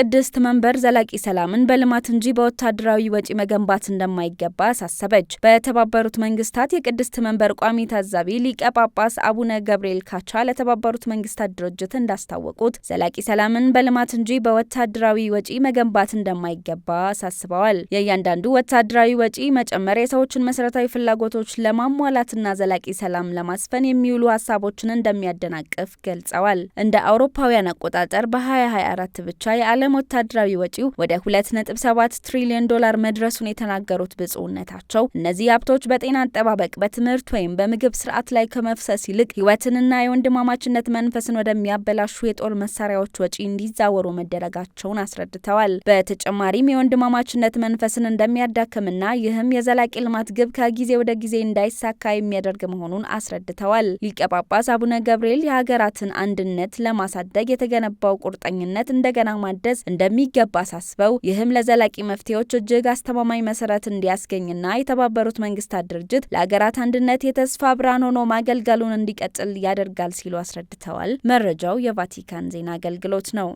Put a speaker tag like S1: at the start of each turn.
S1: ቅድስት መንበር ዘላቂ ሰላምን በልማት እንጂ በወታደራዊ ወጪ መገንባት እንደማይገባ አሳሰበች። በተባበሩት መንግስታት የቅድስት መንበር ቋሚ ታዛቢ ሊቀ ጳጳስ አቡነ ገብርኤል ካቻ ለተባበሩት መንግስታት ድርጅት እንዳስታወቁት ዘላቂ ሰላምን በልማት እንጂ በወታደራዊ ወጪ መገንባት እንደማይገባ አሳስበዋል። የእያንዳንዱ ወታደራዊ ወጪ መጨመር የሰዎችን መሰረታዊ ፍላጎቶች ለማሟላትና ዘላቂ ሰላም ለማስፈን የሚውሉ ሀሳቦችን እንደሚያደናቅፍ ገልጸዋል። እንደ አውሮፓውያን አቆጣጠር በ2024 ብቻ የዓለም የዓለም ወታደራዊ ወጪው ወደ 2.7 ትሪሊዮን ዶላር መድረሱን የተናገሩት ብፁዕነታቸው እነዚህ ሀብቶች በጤና አጠባበቅ፣ በትምህርት ወይም በምግብ ስርዓት ላይ ከመፍሰስ ይልቅ ህይወትንና የወንድማማችነት መንፈስን ወደሚያበላሹ የጦር መሳሪያዎች ወጪ እንዲዛወሩ መደረጋቸውን አስረድተዋል። በተጨማሪም የወንድማማችነት መንፈስን እንደሚያዳክምና ይህም የዘላቂ ልማት ግብ ከጊዜ ወደ ጊዜ እንዳይሳካ የሚያደርግ መሆኑን አስረድተዋል። ሊቀ ጳጳስ አቡነ ገብርኤል የሀገራትን አንድነት ለማሳደግ የተገነባው ቁርጠኝነት እንደገና ማደስ መያዝ እንደሚገባ አሳስበው ይህም ለዘላቂ መፍትሄዎች እጅግ አስተማማኝ መሰረት እንዲያስገኝና የተባበሩት መንግስታት ድርጅት ለሀገራት አንድነት የተስፋ ብርሃን ሆኖ ማገልገሉን እንዲቀጥል ያደርጋል ሲሉ አስረድተዋል። መረጃው የቫቲካን ዜና አገልግሎት ነው።